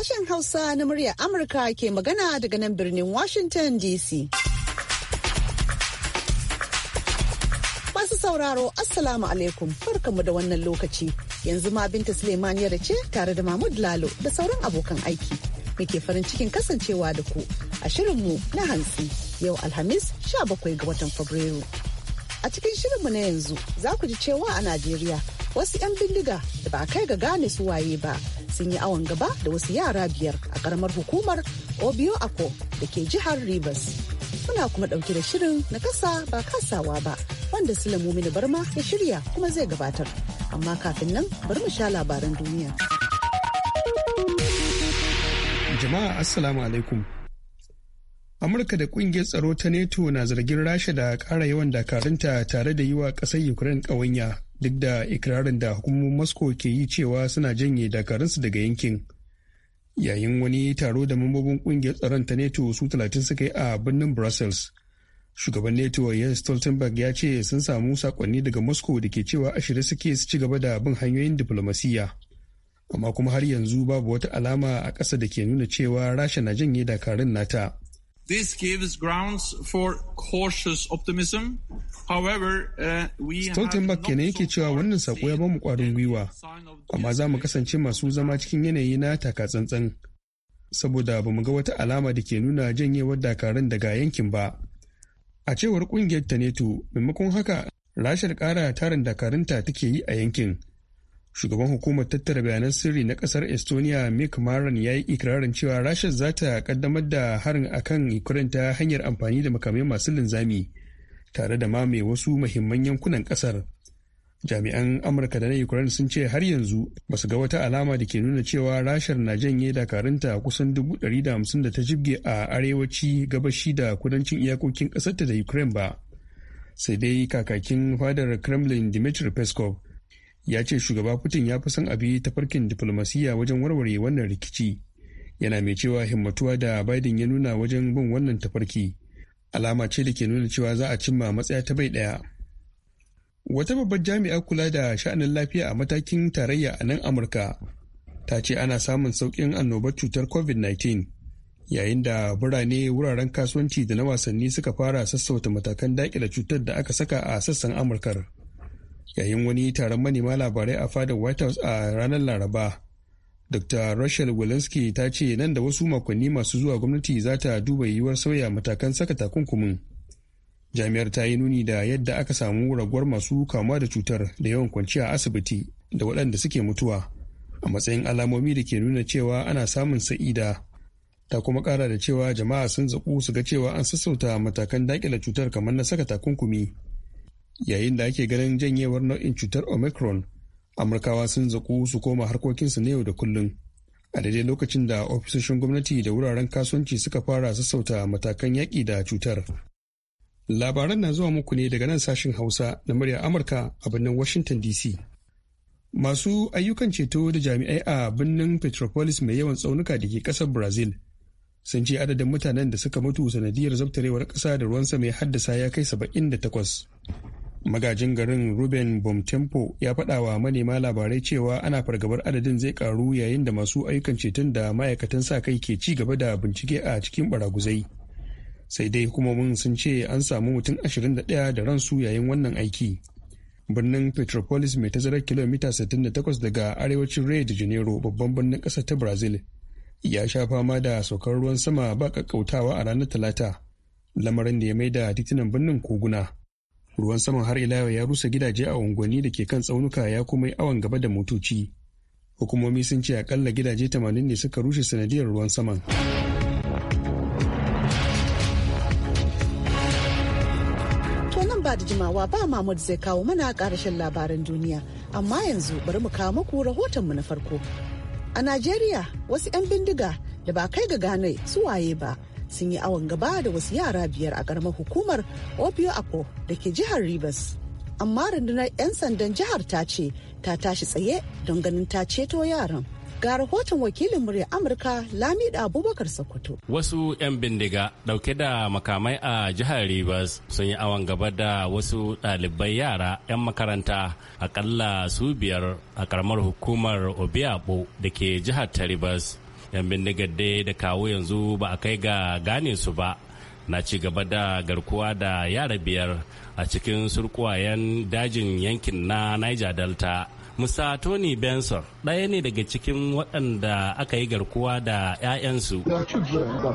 sashen Hausa na muryar Amurka ke magana daga nan birnin Washington DC. Masu sauraro, Assalamu alaikum, farkamu da wannan lokaci. Yanzu ma Binta Suleiman ya ce tare da Mahmud Lalo da sauran abokan aiki. Muke farin cikin kasancewa da ku a shirinmu na hantsi yau Alhamis 17 ga watan Fabrairu. A cikin shirinmu na yanzu za ku ji cewa a Najeriya wasu 'yan bindiga da ba kai ga gane su waye ba sun yi awon gaba da wasu yara biyar a karamar hukumar Obio Ako da ke jihar Rivers. Muna kuma ɗauke da shirin na kasa ba kasawa ba wanda mini Barma ya shirya kuma zai gabatar. Amma kafin nan bar mu sha labaran duniya. Jama'a Assalamu alaikum. amurka da kungiyar tsaro ta neto na zargin rasha da kara yawan dakarunta tare da yi wa ƙasar ukraine kawanya duk da ikirarin da hukumomin moscow ke yi cewa suna janye dakarunsu daga yankin yayin wani taro da mambobin kungiyar tsaron ta neto su talatin suka yi a birnin brussels shugaban neto jens stoltenberg ya ce sun samu sakonni daga moscow da ke cewa ashirin suke su ci gaba da bin hanyoyin diflomasiyya amma kuma har yanzu babu wata alama a ƙasa da ke nuna cewa rasha na janye dakarun nata This gives grounds for cautious optimism. However, uh, we Stoltenberg kenan yake cewa wannan sako ya bamu kwarin gwiwa, amma za mu kasance masu zama cikin yanayi na taka tsantsan Saboda ba mu ga wata alama da ke nuna janyewar dakarun daga yankin ba. A cewar kungiyar ta neto, maimakon haka, rashar kara tarin dakarunta take yi a yankin. shugaban hukumar tattara bayanan sirri na kasar estonia mick maron ya yi ikirarin cewa rasha za ta kaddamar da harin akan ukraine ta hanyar amfani da makamai masu linzami tare da ma mai wasu mahimman yankunan kasar jami'an amurka da na ukraine sun ce har yanzu ba su ga wata alama da ke nuna cewa rashar na janye dakarunta kusan 150 da ta jibge a arewaci gabashi da kudancin iyakokin ƙasarta da ukraine ba sai dai kakakin fadar kremlin dmitry peskov ya ce shugaba putin ya fi son abi ta farkin diflomasiyya wajen warware wannan rikici yana mai cewa himmatuwa da biden ya nuna wajen bin wannan tafarki alama ce da ke nuna cewa za a cimma matsaya ta bai ɗaya wata babbar jami'a kula da sha'anin lafiya a matakin tarayya a nan amurka ta ce ana samun sauƙin annobar cutar covid-19 yayin da birane wuraren kasuwanci da na wasanni suka fara sassauta matakan daƙile cutar da aka saka a sassan amurkar yayin wani taron manema labarai a fadar white house a ranar laraba dr rachel walensky ta ce nan da wasu makonni masu zuwa gwamnati za ta duba yiwuwar sauya matakan saka takunkumin jami'ar ta yi nuni da yadda aka samu raguwar masu kamuwa da cutar da yawan kwanciya a asibiti da waɗanda suke mutuwa a matsayin alamomi da ke nuna cewa ana samun sa'ida ta kuma ƙara da cewa jama'a sun zaƙu su ga cewa an sassauta matakan daƙile cutar kamar na saka takunkumi yayin da ake ganin janyewar nau'in cutar omicron amurkawa sun zaku su koma harkokinsu na yau da kullum a daidai lokacin da ofisoshin gwamnati da wuraren kasuwanci suka fara sassauta matakan yaƙi da cutar labaran na zuwa muku ne daga nan sashen hausa na murya amurka a birnin washington dc masu ayyukan ceto da jami'ai a birnin petropolis mai yawan tsaunuka da ke ƙasar brazil sun ce adadin mutanen da suka mutu sanadiyar zabtarewar ƙasa da ruwan sama ya haddasa ya kai 78 magajin garin ruben bomtempo ya faɗa wa manema labarai cewa ana fargabar adadin zai karu yayin da masu ayyukan ceton da ma'aikatan sa kai ke ci gaba da bincike a cikin baraguzai sai dai hukumomin sun ce an samu mutum 21 da ransu yayin wannan aiki birnin petropolis mai tazarar kilomita 68 daga arewacin rio de janeiro babban birnin ƙasa ta brazil ya sha fama da saukar ruwan sama ba kakkautawa a ranar talata lamarin da ya maida titunan birnin koguna ruwan saman har ila ya rusa gidaje a unguwanni da ke kan tsaunuka ya kuma yi awon gaba da motoci hukumomi sun ce akalla gidaje 80 ne suka rushe sanadiyar ruwan saman ba da jimawa ba mamud zai kawo mana karshen labaran duniya amma yanzu bari mu kawo muku mu na farko a najeriya wasu 'yan bindiga da ba kai ga gane su waye ba sun yi awon gaba da wasu yara biyar a karamar hukumar Obio Ako da ke jihar Rivers. Amma rundunar 'yan sandan jihar ta ce ta tashi tsaye don ganin ta ceto yaran. ga rahoton wakilin murya amurka lami da abubakar sokoto wasu 'yan bindiga dauke da makamai a jihar rivers sun yi awon gaba da wasu ɗalibai yara 'yan makaranta akalla su biyar a karamar hukumar obiabo da ke jihar ta rivers yan bindigar dai da kawo yanzu ba a kai ga gane su ba na ci gaba da garkuwa da yara biyar a cikin surkuwayen dajin yankin na niger delta musa tony benson ɗaya ne daga cikin waɗanda aka yi garkuwa da 'ya'yansu uh, uh,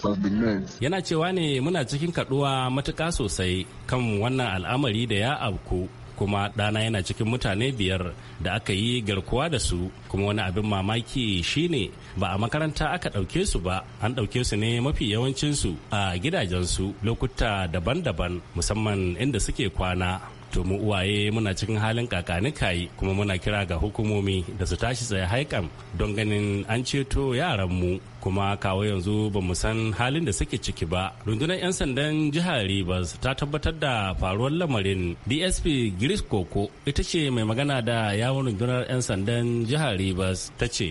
uh, yana cewa ne muna cikin kaɗuwa matuka sosai kan wannan al'amari da ya abku kuma ɗana yana cikin mutane biyar da aka yi garkuwa da su kuma wani abin mamaki shine ba a makaranta aka ɗauke su ba an ɗauke su ne mafi yawancinsu a gidajensu lokuta daban-daban musamman inda suke kwana to mu uwaye muna cikin halin kayi kuma muna kira ga hukumomi da su tashi tsaye haikan don ganin an ceto yaranmu kuma kawo yanzu ba mu san halin da suke ciki ba rundunar 'yan sandan jihar rivers ta tabbatar da faruwar lamarin dsp gris koko ita ce mai magana da yawon rundunar 'yan sandan jihar rivers ta ce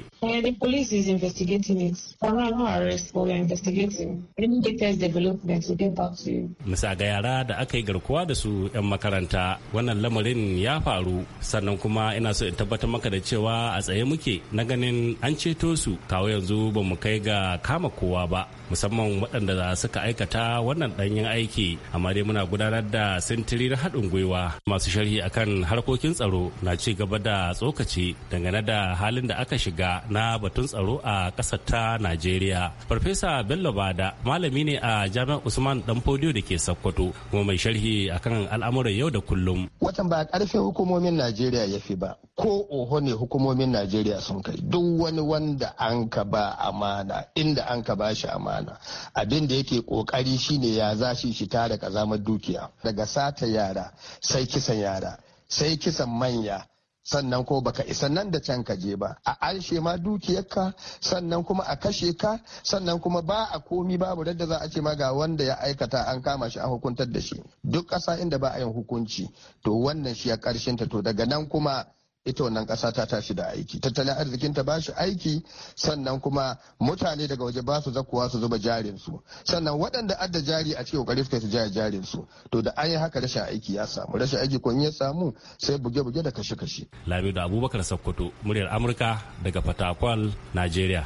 Misa ga yara da aka yi garkuwa da su 'yan makaranta wannan lamarin ya faru sannan kuma ina so in tabbatar maka da cewa a tsaye muke na ganin an ceto su kawo yanzu ba mu kai ga kama kowa ba musamman waɗanda suka aikata wannan ɗanyen aiki amma dai muna gudanar da sintirin haɗin gwiwa masu sharhi akan harkokin tsaro na ci gaba da tsokaci dangane da halin da aka shiga na batun tsaro a ƙasar ta najeriya farfesa bello bada malami ne a jami'ar usman dan fodiyo da ke sokoto kuma mai sharhi akan al'amuran yau da kullum watan ba karfe hukumomin najeriya ya fi ba ko oho ne hukumomin najeriya sun kai duk wani wanda an ka ba amana faɗa inda an ka bashi amana abin da yake kokari shine ya zashi shi tara kazamar dukiya daga sata yara sai kisan yara sai kisan manya sannan ko baka isa nan da can ka je ba a arshe ma dukiyarka sannan kuma a kashe ka sannan kuma ba a komi babu da za a ce ma ga wanda ya aikata an kama shi a hukuntar da shi duk ƙasa inda ba a yin hukunci to wannan shi ya ƙarshen ta to daga nan kuma ita wannan ƙasa ta tashi da aiki tattalin arzikinta ba shi aiki sannan kuma mutane daga waje ba su zakuwa su zuba jarin su sannan waɗanda adda jari a cikin kokari suka su jaya jarin su to da an yi haka rashin aiki ya samu rashin aiki kun ya samu sai buge-buge da kashe-kashe. Lamido Abubakar Sokoto muryar Amurka daga Fatakwal, Najeriya.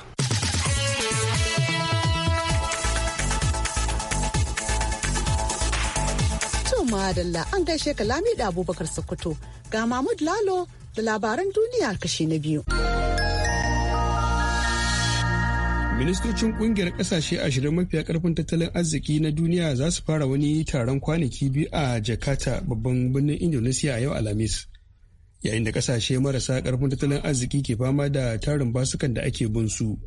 madalla an gaishe ka da abubakar sokoto ga mahmud lalo da labaran duniya kashi na biyu. ministocin kungiyar kasashe ashirin mafiya karfin tattalin arziki na duniya za su fara wani taron kwanaki biyu a jakarta babban birnin indonesia yau alhamis yayin da kasashe marasa karfin tattalin arziki ke fama da tarin basukan da ake bin su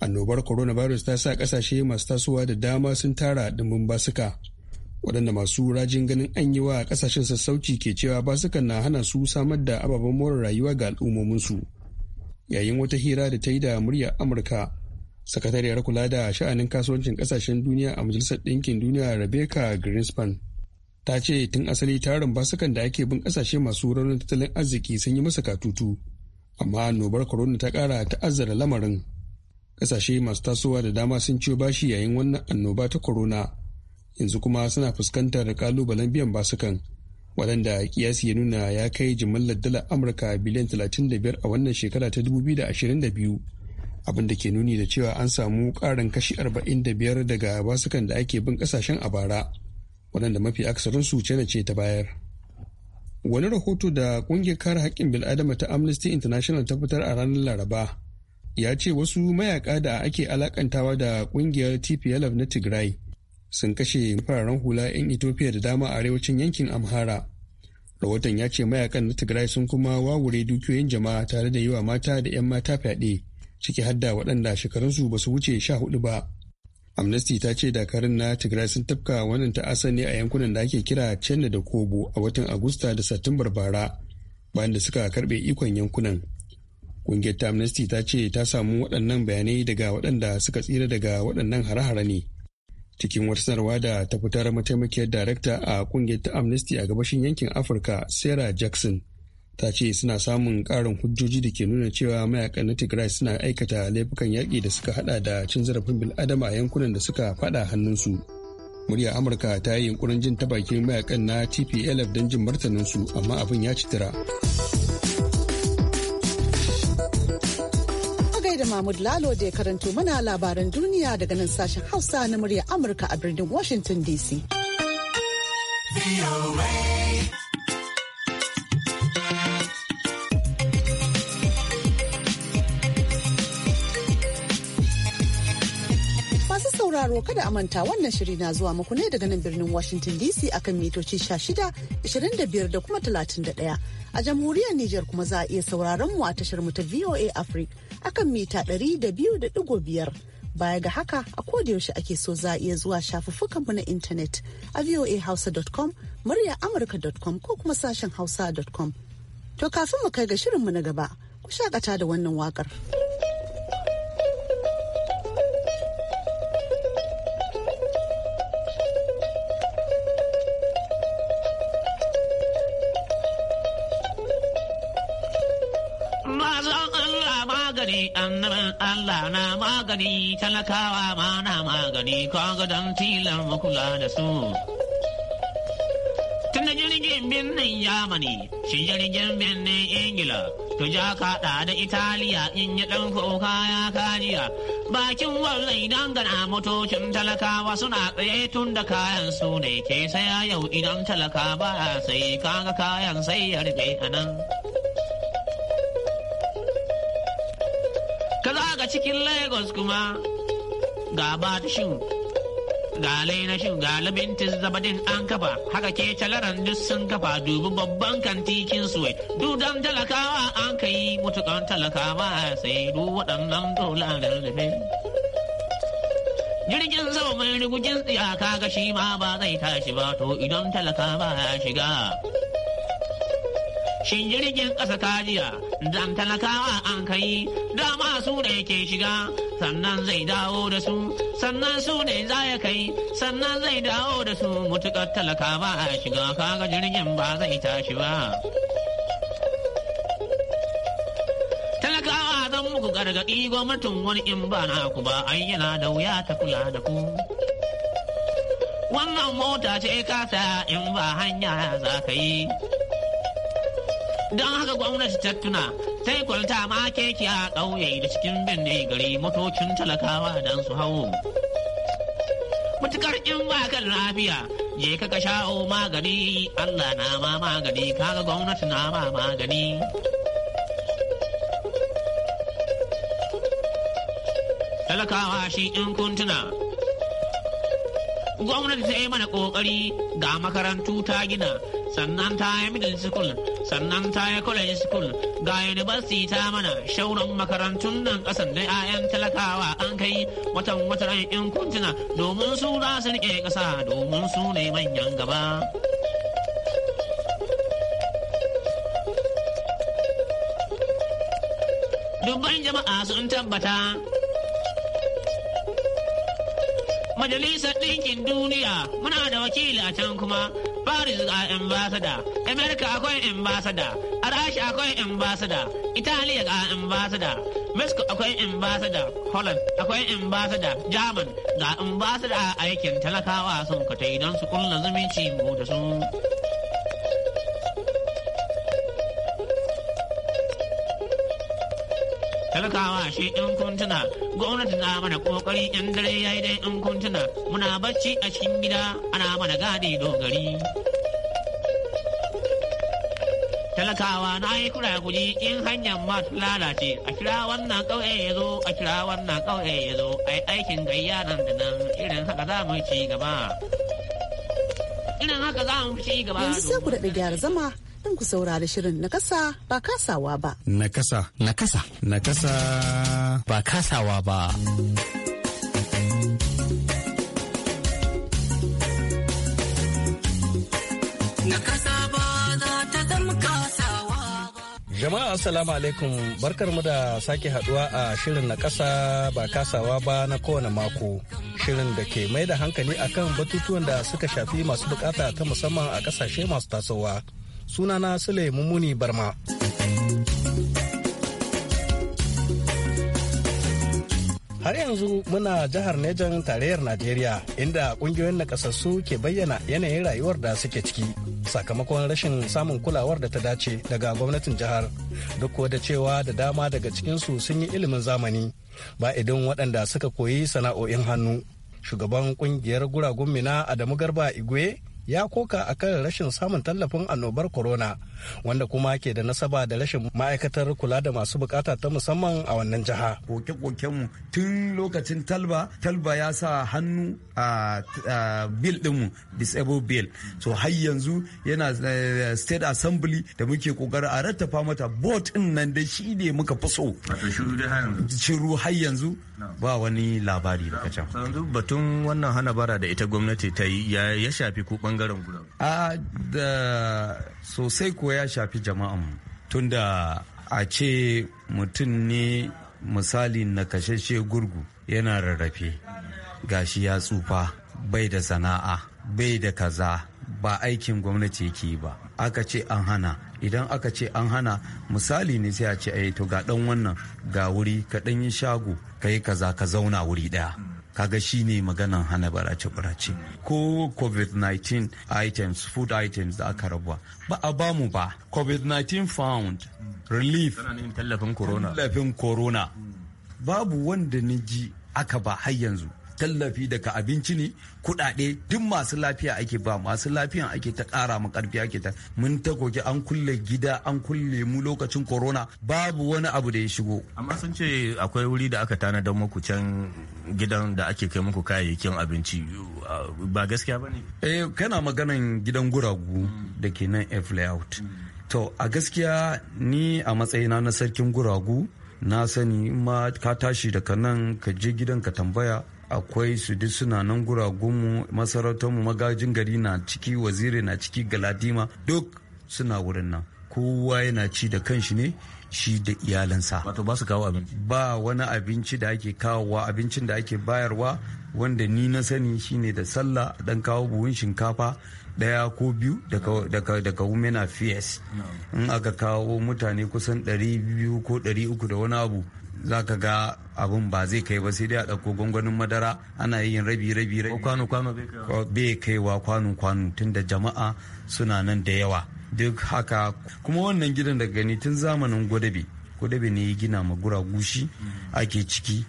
annobar coronavirus ta sa kasashe masu tasowa da dama sun tara dimbin basuka waɗanda masu rajin ganin an yi wa ƙasashen sassauci ke cewa basuka na hana su samar da ababen more rayuwa ga al'ummominsu yayin wata hira da ta yi da muryar amurka sakatariyar kula da sha'anin kasuwancin ƙasashen duniya a majalisar ɗinkin duniya rebecca greenspan ta ce tun asali tarin basukan da ake bin ƙasashe masu raunin tattalin arziki sun yi masa katutu amma annobar corona ta ƙara ta'azzara lamarin ƙasashe masu tasowa da dama sun ciyo bashi yayin wannan annoba ta corona yanzu kuma suna fuskantar kalubalen biyan basukan waɗanda kiyasi ya nuna ya kai jimillar dala amurka biliyan 35 a wannan shekara ta 2022 abinda ke nuni da cewa an samu ƙarin kashi 45 daga basukan da ake bin ƙasashen a bara waɗanda mafi aksarinsu ce ce ta bayar wani rahoto da ƙungiyar kare haƙƙin bil'adama ta amnesty international ta fitar a ranar laraba ya ce wasu mayaka da ake alakantawa da ƙungiyar tplf na tigray sun kashe fararen hula 'yan Ethiopia da dama a arewacin yankin Amhara. Rahoton ya ce mayakan na Tigray sun kuma wawure dukiyoyin jama'a tare da yi wa mata da 'yan mata fyaɗe, ciki hadda waɗanda shekarunsu ba su wuce sha hudu ba. Amnesty ta ce dakarun na Tigray sun tafka wannan ta'asar ne a yankunan da ake kira Chenna da Kobo a watan Agusta da Satumbar bara, bayan da suka karbe ikon yankunan. Kungiyar ta Amnesty ta ce ta samu waɗannan bayanai daga waɗanda suka tsira daga waɗannan hare-hare ne. cikin wata sanarwa da ta fitar mataimakiyar darekta a kungiyar ta amnesty a gabashin yankin afirka sarah jackson ta ce suna samun karin hujjoji da ke nuna cewa mayakan na tigray suna aikata laifukan yaƙi da suka hada da cin zarafin bil'adama a yankunan da suka fada hannunsu murya amurka ta yi yunkurin jin ta bakin mayakan na tplf don jin martaninsu amma abin ya citira Mahmud Lalo da ya karanto mana labaran duniya daga nan sashen Hausa na murya Amurka a birnin Washington DC. sauraro kada a manta wannan shiri na zuwa muku ne daga nan birnin Washington DC akan mitoci 16, 25 da kuma 31. A jamhuriyar Nijar kuma za a iya sauraron mu a tashar mu ta VOA Africa akan mita 200.5. Baya ga haka a yaushe ake so za a iya zuwa shafuffukan mu na intanet a voahausa.com, murya amurka.com ko kuma sashen hausa.com. To kafin mu kai ga shirin mu na gaba, ku shakata da wannan waƙar. annaban Allah na magani talakawa ma na magani kaga don tilar makula da su. Tunda jirgin birnin Yamani, shi jirgin birnin Ingila, tuja kaɗa da Italiya in yi ɗan kuka ya kajiya. Bakin wallai dangana motocin talakawa suna tsaye tun da kayan su ne ke saya yau idan talaka ba sai kaga kayan sai ya rufe a nan. ga cikin Lagos kuma ga batishin ga lainashin ga labintin zabadin an kafa haka ke calaran duk sun kafa dubi babban kantikin suwai dudan talakawa an ka yi mutukan talakawa sai du waɗannan dolar rarrafe jirgin sama mai rigujin tsiyaka ga shi ma ba zai tashi ba to idan talakawa ya shiga shin jirgin ƙasa ta jiya dan talakawa an kai dama su ne ke shiga sannan zai dawo da su sannan su ne za ya kai sannan zai dawo da su mutuƙar talaka ba a shiga kaga jirgin ba zai tashi ba talakawa zan muku gargaɗi gwamnatin wani in ba na ku ba ai yana da wuya ta kula da ku wannan mota ce kasa in ba hanya za ka yi don haka gwamnati ta tuna sai kwalta ma keke a ƙauye da cikin binne gari motocin talakawa don su hau matukar in ba kan lafiya je ka ka sha'o magani allah na ma magani kaga gwamnati na ma magani talakawa shi in kuntuna gwamnati ta yi mana ƙoƙari ga makarantu ta gina sannan ta yi middle school sannan ta yi college school ga university ta mana shauran makarantun nan kasan na 'ya'yan talakawa an kai watan watan in kuntuna domin su za su rike kasa domin su ne manyan gaba dubban jama'a sun tabbata majalisar ɗinkin duniya muna da wakili a can kuma Paris a ambasada America akwai a Arashi akwai ambasada, Italiya a ambasada, Mexico akwai ambasada, Holland akwai ambasada, German ga ambasada a aikin talakawa sun katai don su kulla zumunci mu da su. talakawa shi in kuntuna gwamnati na mana kokari yan dare yayi dai in kuntuna muna bacci a cikin gida ana mana gadi dogari talakawa na yi kura guji in hanyar masu lalace a kira wannan ƙauye ya zo a kira wannan ƙauye ya zo a yi aikin gayya nan da nan irin haka za mu ci gaba irin haka za mu ci gaba yanzu sai ku daɗa zama don ku saurari shirin na kasa ba kasawa ba. Na kasa. Na kasa. Na kasa. Ba kasawa ba. kasawa ba. Jama'a Assalamu alaikum barkarmu da sake haduwa a shirin na kasa ba kasawa ba na kowane mako. shirin da ke mai da hankali akan batutuwan da suka shafi masu bukata ta musamman a kasashe masu tasowa sunana sule mummuni barma har yanzu muna jihar Nejan tarayyar Najeriya inda kungiyoyin nakasassu ke bayyana yanayin rayuwar da suke ciki sakamakon rashin samun kulawar da ta dace daga gwamnatin jihar duk da cewa da dama daga cikinsu sun yi ilimin zamani ba idan waɗanda suka koyi sana'o'in hannu shugaban kungiyar guragun mina Adamu Garba Igwe ya koka a kan rashin samun tallafin annobar corona wanda kuma ke da nasaba da rashin ma'aikatar kula da masu bukata ta musamman a wannan jiha. Koke-kokenmu tun lokacin talba, talba ya sa hannu a bill dinmu disabled bill. So har yanzu yana eh, state assembly da muke kokarin a rattafa mata bot din nan da shi ne muka fi so. Shiru har yanzu ba wani labari daga can. Batun wannan hana bara da ita gwamnati ta yi ya shafi kuɓan bangaren guda a da sosai ko ya shafi jama'an tunda a ce mutum ne misali na kashashe gurgu yana rarrafe gashi ya tsufa bai da sana'a bai da kaza ba aikin gwamnati yake ba aka ce an hana idan aka ce an hana misali ne sai a ce a yi to ga dan wannan ga wuri ka dan yi shago ka yi kaza ka zauna wuri daya kaga shi ne maganan hana barace-barace ko covid-19 items food items da aka rabuwa ba a bamu ba covid-19 found relief tallafin corona babu wanda ni ji aka ba har yanzu tallafi daga abinci ne kuɗaɗe duk masu lafiya ake ba masu lafiyan ake ta ƙara ma ƙarfi ake ta mun ta koki an kulle gida an kulle mu lokacin corona babu wani abu da ya shigo amma sun ce akwai wuri da aka tanadar muku can gidan da ake kai muku kayayyakin abinci ba gaskiya ba ne eh kana maganan gidan guragu da ke nan f layout hmm. to a gaskiya ni a matsayina na sarkin guragu na sani ma ka tashi daga nan ka je gidan ka tambaya akwai su duk suna nan guragunmu masarautarmu magajin gari na ciki waziri na ciki galadima duk suna wurin nan kowa yana ci da kanshi ne shi da iyalansa wato ba su kawo abinci ba wani abinci da ake kawowa abincin da ake bayarwa wanda ni na sani shine da sallah dan kawo buhun shinkafa daya ko biyu daga women affairs in aka kawo mutane kusan 200 ko 300 da wani abu za ka ga abun ba zai kai ba sai dai a ɗauko gwangwanin madara ana yin rabi rabi rabi kwano kwano bai kaiwa kwano kwano da jama'a suna nan da yawa duk haka kuma wannan gidan da gani tun zamanin gwadabe gwadabe ne ya gina ma gura gushi ake ciki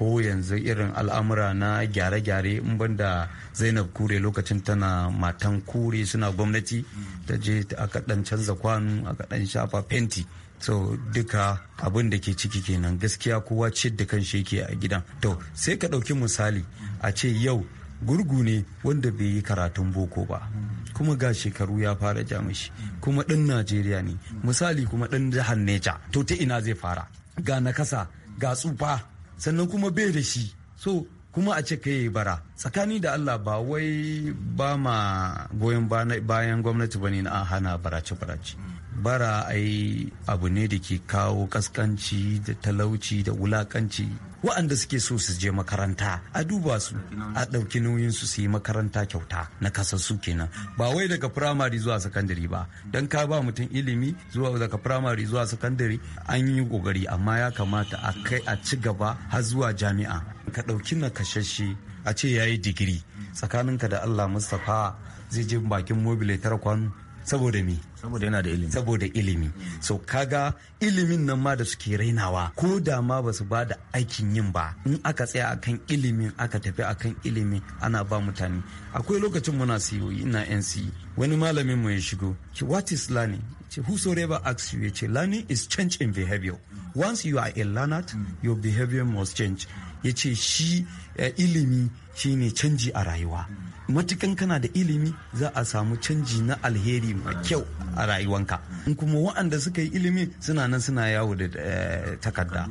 ko yanzu irin al'amura na gyare-gyare in banda zainab kure lokacin tana matan kure suna gwamnati ta je a kaɗan canza kwanu aka dan shafa fenti so duka abin da ke ciki kenan gaskiya kowa ce da kan shi yake a gidan to sai ka ɗauki misali a ce yau gurgu ne wanda bai yi karatun boko ba kuma ga shekaru ya fara jamishi kuma ɗin najeriya ne misali kuma ɗin jihar neja to ta ina zai fara ga nakasa ga tsufa sannan kuma bai da shi so kuma a ce ka yi bara tsakani da allah ba wai ba ma goyon bayan gwamnati ba ne na hana barace-barace bara ai abu ne da ke kawo kaskanci da talauci da wulakanci waɗanda suke so su je makaranta a duba su a ɗauki nauyin su su yi makaranta kyauta na kasassu kenan ba wai daga firamare zuwa sakandare ba don ka ba mutum ilimi zuwa daga firamare zuwa sakandare an yi kokari amma ya kamata a kai a ci gaba har zuwa jami'a ka ɗauki na kashashe a ce ya yi digiri tsakaninka da allah mustapha zai je bakin mobile tara kwano saboda mi saboda yana da ilimi saboda ilimi so kaga ilimin nan ma da suke rainawa ko da ma ba su ba aikin yin ba in aka tsaya akan ilimin aka tafi akan ilimi ana ba mutane akwai lokacin muna siyoyi e, ina NC e. wani malamin mu ya shigo ki what is learning ce whosoever asks you ce learning is change in behavior once you are a learner your behavior must change Yace shi eh, ilimi shine canji a rayuwa matukan kana da ilimi za a samu canji na alheri mai kyau a rayuwanka in kuma waɗanda suka yi ilimi suna nan suna yawo da eh, takarda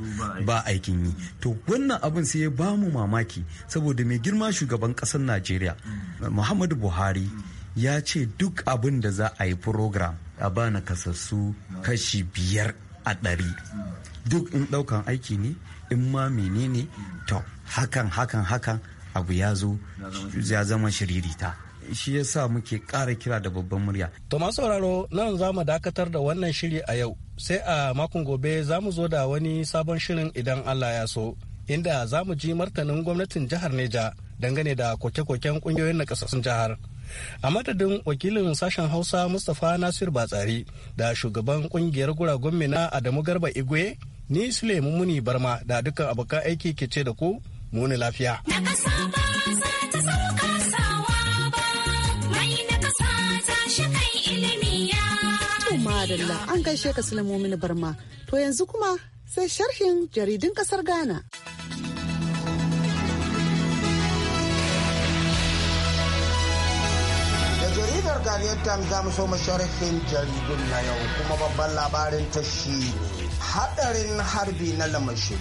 ba aikin yi to wannan abin sai ya ba mu mamaki saboda mai girma shugaban ƙasar najeriya muhammadu buhari ya ce duk abin da za a yi program a ba na kasassu kashi biyar a ɗari duk in ɗaukan aiki ne in ma menene to hakan hakan hakan abu ya zo ya zama shiririta shi ya sa muke ƙara kira da babban murya. To masu sauraro nan za mu dakatar da wannan shiri a yau sai a makon gobe za mu zo da wani sabon shirin idan Allah ya so inda za mu ji martanin gwamnatin jihar Neja dangane da koke-koken kungiyoyin na kasassun jihar. A madadin wakilin sashen Hausa Mustapha Nasir Batsari da shugaban kungiyar guragun Mina Adamu Garba Igwe ni Sule muni Barma da dukkan abokan aiki ke ce da ku muni lafiya. an gaishe ka Sulaimu Barma to yanzu kuma sai sharhin jaridun kasar Ghana. Da jaridar Ghanaian Times za mu so mu sharhin jaridun na yau kuma babban labarin ta shi ne hadarin harbi na lamashin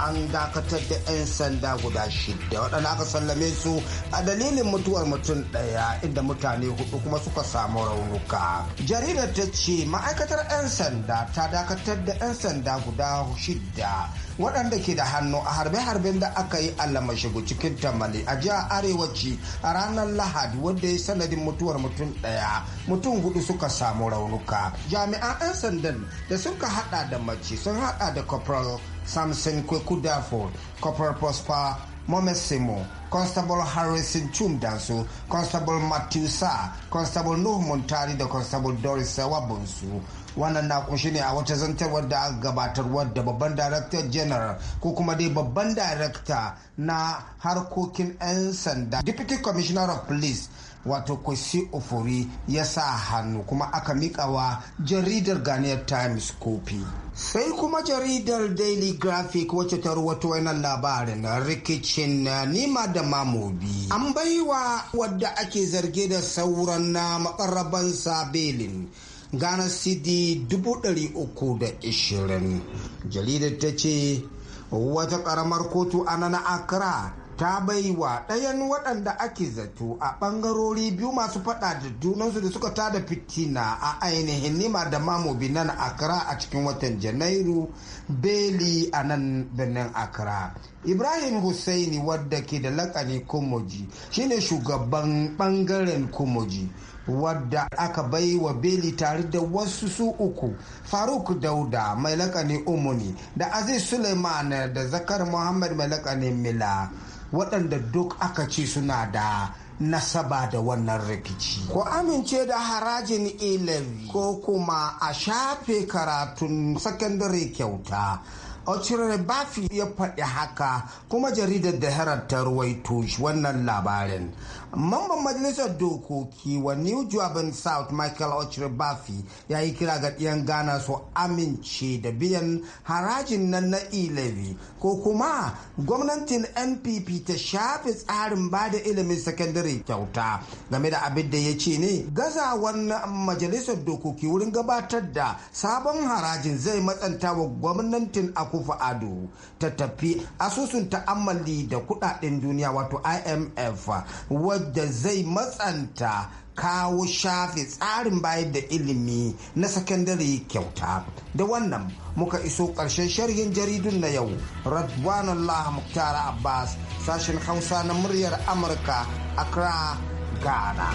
an dakatar da 'yan sanda guda shida waɗanda aka sallame su a dalilin mutuwar mutum ɗaya inda mutane hudu kuma suka samu raunuka jaridar ta ce ma'aikatar 'yan sanda ta dakatar da 'yan sanda guda shida waɗanda ke da hannu a harbe-harben da aka yi a lamashigo cikin tamale a jihar arewaci a ranar lahadi wadda ya sanadin mutuwar mutum ɗaya mutum hudu suka samu raunuka jami'an 'yan sandan da suka hada da mace sun hada da corporal Samson Kweku Dafo, Corporal Prosper Momesimo, Constable Harrison Chumdansu, Constable Matthew Sa, Constable Nuhu Montari da Constable Doris Sawabunsu wannan na kunshi ne a wata zantarwar da aka gabatar wadda babban director general ko kuma dai babban darakta na harkokin 'yan sanda deputy commissioner of police wato kwasi ofori ya sa hannu kuma aka mikawa jaridar ghanaian times kofi sai kuma jaridar daily graphic wacce ta ruwato wannan labarin rikicin nima da mamobi an baiwa wadda ake zarge da sauran na makarraban sabelin ghana cd 320 jaridar ta ce wata karamar kotu a nan accra ta baiwa ɗayan waɗanda ake zato a ɓangarori biyu masu faɗa da junansu da suka tada fitina a ainihin nima da mamobi nan accra a cikin watan janairu beli a nan birnin accra ibrahim hussaini wadda ke da lakani komoji shine shugaban ɓangaren komoji wadda aka bai wa beli tare da wasu su uku faruk dauda mai lakani umuni da aziz suleiman da zakar muhammad mai lakani mila waɗanda duk aka ce suna da nasaba da wannan rikici. Ko amince da harajin ilimi ko kuma a shafe karatun sakandare kyauta Ochire Bafi ya faɗi haka kuma jaridar da Herald ta ruwaito wannan labarin. Mamban majalisar dokoki wa New Jordan South Michael Ochire Bafi ya yi kira ga ɗiyan Ghana su amince da biyan harajin nan na e ko kuma gwamnatin NPP ta shafe tsarin bada ilimin sakandare kyauta game da abin da ya ce ne gazawan majalisar dokoki wurin gabatar da sabon harajin zai matsanta wa gwamnatin akwai kufa Ado ta tafi asusun ta'ammali da kudaden duniya wato imf wadda zai matsanta kawo shafi tsarin bayar da ilimi na sakandare kyauta da wannan muka iso ƙarshen sharhin jaridun na yau radwan allah muktar abbas sashen hausa na muryar amurka accra ghana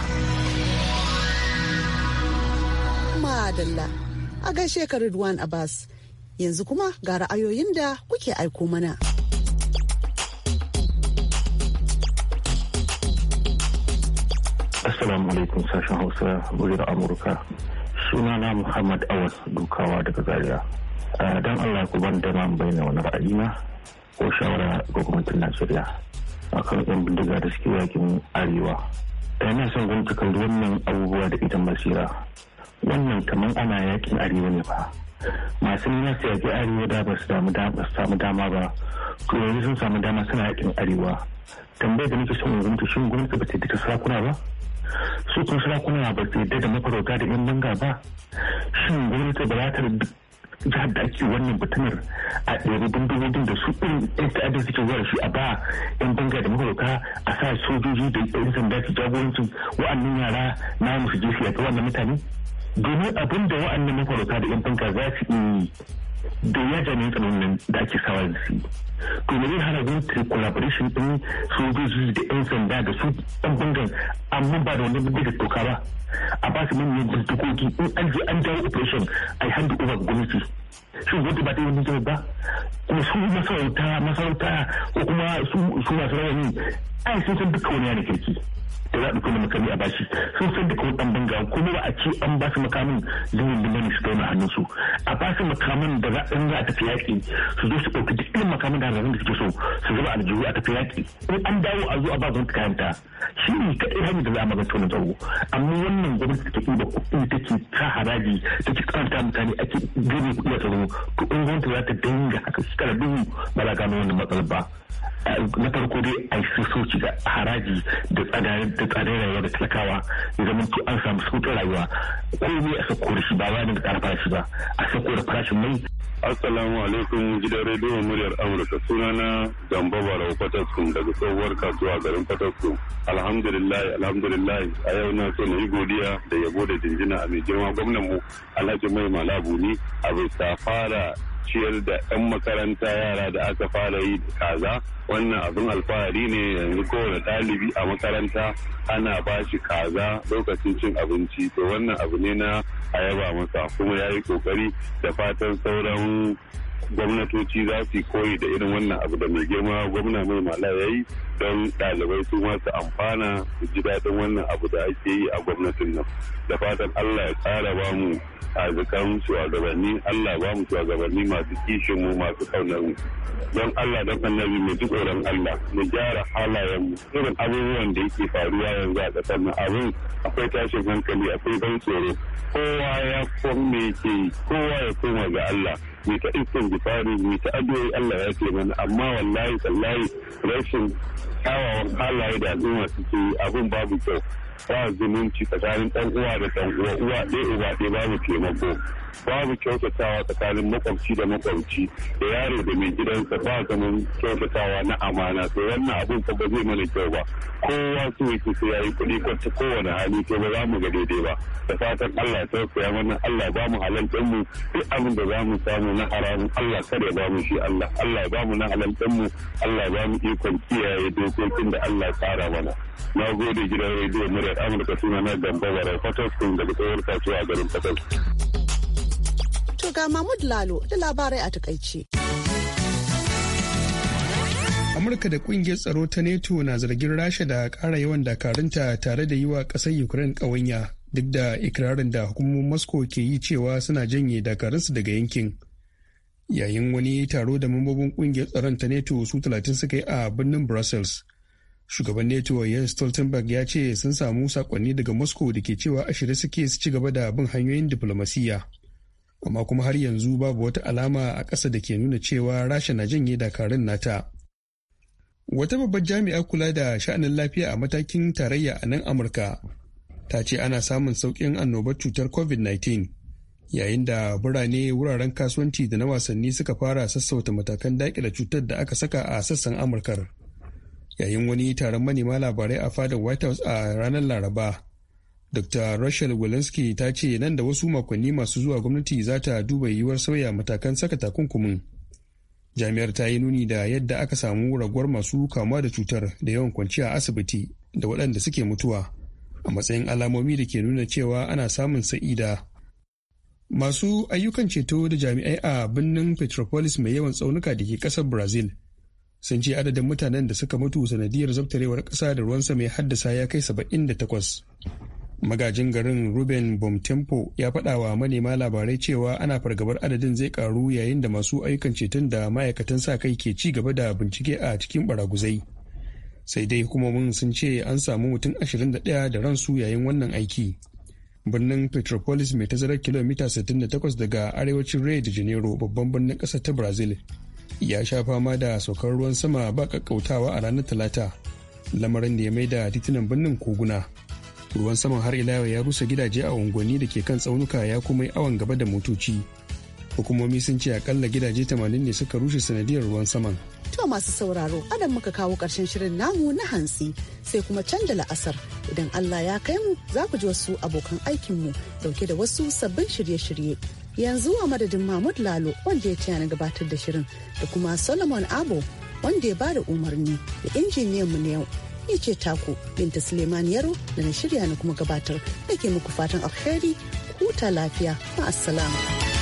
madalla a gaishe ka Ridwan Abbas Yanzu kuma ga ra'ayoyin da kuke aiko mana. Assalamu alaikum sashen Hausa da Amurka. Suna na Muhammad Awas Dukawa daga Zaria. Don Allah ku ban dama bayyana wani ra'ayina ko shawara ga gwamnatin Najeriya akan yan bindiga da suke yakin arewa. Yana son gwamnati kan wannan abubuwa da ita masira. Wannan kamar ana yakin arewa ne fa. masu nuna su yaƙi arewa da ba su samu dama ba to sun samu dama suna yaƙin arewa tambayar da nake son gwamnati shin gwamnati ba ta duka sarakuna ba su kuma sarakuna ba su yadda da mafarauta da yan banga ba shin gwamnati ba za ta jihar da ake wannan batunar a ɗari bindigogin da su ɗin yan ta'adda suke zuwa shi a ba yan banga da mafarauta a sa sojoji da yan sanda su jagorancin wa'annan yara na musu je a wannan mutane domin abin da wa'annan mafarauta da yan banka za su yi da ya jami'in tsananin da ake sawa da su to ne zai hana gwamnati collaboration din sojoji da yan sanda da su yan bangan amma ba da wani bindiga toka ba a ba su manyan bindigogi in an je an dawo operation a yi hannu over gwamnati su gudu ba ta yi mutum ba kuma su masarauta masarauta ko kuma su masu rawani ai sun san duka wani yana kirki da za a ɗauki makami a bashi sun san duka wani ɗan banga kuma ba a ce an ba su makamin da mani su dauna hannun su a ba su makamin da za a tafi yaƙi su zo su ɗauki duk irin makamin da hannun da suke so su zuba aljihu a tafi yaƙi in an dawo a zo a ba gwamnati kayanta shi ne kaɗai hanyar da za a magance wani tsaro amma wannan gwamnati take ɗiba kuɗi take ta haraji take karanta mutane ake gani kuɗi a tsaro to in za ta dinga haka da dubu ba za gano wannan matsalar ba na farko dai a yi soci da haraji da tsadar rayuwa da talakawa ya zama to an samu sautin rayuwa komai a sako da shi ba wani da ƙarfa shi ba a sako da farashin mai. assalamu alaikum gidan rediyo muryar amurka sunana gamba barau fataskum daga tsohuwar kasuwa garin fataskum alhamdulillah alhamdulillah a yau na so na yi godiya da yabo da jinjina a mai girma gwamnan mu alhaji mai malabu ni a bai safa fara ciyar da 'yan makaranta yara da aka fara yi da kaza wannan abin alfahari ne yanzu kowane ɗalibi a makaranta ana ba shi kaza lokacin cin abinci to wannan abu ne na a yaba masa kuma ya yi kokari da fatan sauran gwamnatoci za su koyi da irin wannan abu da mai girma gwamna mai mala ya yi don ɗalibai su masu amfana su ji daɗin wannan abu da ake yi a gwamnatin nan da fatan allah ya tsara ba mu arzikan shugabanni allah ba mu shugabanni masu kishin mu masu kaunar mu don allah don annabi mai ji tsoron allah mu gyara halayen mu irin abubuwan da yake faruwa yanzu a ƙasar nan abin akwai tashin hankali akwai ban tsoro kowa ya kome ke kowa ya koma ga allah mai ta jifari mai ta adoyi Allah ya ce mana amma wallahi tsallahi rashin kyawawan halaye da al'umma suke abin babu kyau ba zumunci tsakanin ɗan uwa da ɗan uwa uwa ɗaya uba ɗaya babu taimako babu kyautatawa tsakanin makwabci da makwabci da yaro da mai gidansa ba zaman kyautatawa na amana to wannan abin ka ba zai mana kyau ba kowa su yake sai yayi kuɗi kwanta kowane hali to ba za mu ga daidai ba da fatan Allah ta ya mana Allah ba mu halaltan mu duk abin da za mu samu na haramun Allah kada ya ba mu shi Allah Allah ba mu na halaltan mu Allah ba mu ikon kiyaye dokokin da Allah tsara mana na gode gidan rediyo muryar Amurka suna na Gambo Barau sun daga tsohon kasuwa a garin Fatos ga Mahmud Lalo da labarai a takaice. Amurka da kungiyar tsaro ta NATO na zargin Rasha da ƙara yawan dakarunta tare da yi wa ƙasar Ukraine ƙawanya duk da ikirarin da hukumomin Moscow ke yi cewa suna janye dakarunsu daga yankin. Yayin wani taro da mambobin kungiyar tsaron ta NATO su talatin suka yi a birnin Brussels. Shugaban NATO Jens Stoltenberg ya ce sun samu sakonni daga Moscow da ke cewa a suke su ci gaba da bin hanyoyin diflomasiyya. amma kuma har yanzu babu wata alama a ƙasa da ke nuna cewa rasha na janye dakarun nata wata babbar jami'a kula da sha'anin lafiya a matakin tarayya a nan amurka ta ce ana samun sauƙin annobar cutar covid-19 yayin da birane wuraren kasuwanci da na wasanni suka fara sassauta matakan daƙile cutar da aka saka a sassan amurkar yayin wani taron manema labarai a fadar white house a ranar laraba Dr. Rachel Walensky ta ce nan da wasu makonni masu zuwa gwamnati za ta duba yiwuwar sauya matakan saka takunkumin. Jami'ar ta yi nuni da yadda aka samu raguwar masu kamuwa da cutar da yawan kwanciya a asibiti da waɗanda suke mutuwa a matsayin alamomi da ke nuna cewa ana samun sa'ida. Masu ayyukan ceto da jami'ai a birnin Petropolis mai yawan tsaunuka da ke ƙasar Brazil sun ce adadin mutanen da suka mutu sanadiyar zabtarewar ƙasa da ruwan sama ya haddasa ya kai saba'in da takwas. magajin garin ruben bomtempo ya faɗa wa manema labarai cewa ana fargabar adadin zai karu yayin da masu ayyukan ceton da ma'aikatan sa kai ke ci gaba da bincike a cikin baraguzai sai dai kuma mun sun ce an samu mutum 21 da ransu yayin wannan aiki birnin petropolis mai tazarar kilomita 68 daga arewacin rio de janeiro babban birnin ƙasa ta brazil ya sha fama da saukar ruwan sama ba ƙaƙƙautawa a ranar talata lamarin da ya maida titunan birnin koguna ruwan saman har ila ya rusa gidaje a unguwanni da ke kan tsaunuka ya kuma yi awon gaba da motoci hukumomi sun ce akalla gidaje 80 ne suka rushe sanadiyar ruwan saman to masu sauraro adam muka kawo karshen shirin namu na hansi sai kuma can da la'asar idan allah ya kai mu za ku ji wasu abokan aikinmu dauke da wasu sabbin shirye-shirye yanzu a madadin mahmud lalo wanda ya tana gabatar da shirin da kuma solomon abo wanda ya bada umarni da injiniyan mu na yau ni ce taku Binta Suleiman Yaro da na shirya na kuma gabatar da ke muku fatan alheri huta lafiya ma'assalam.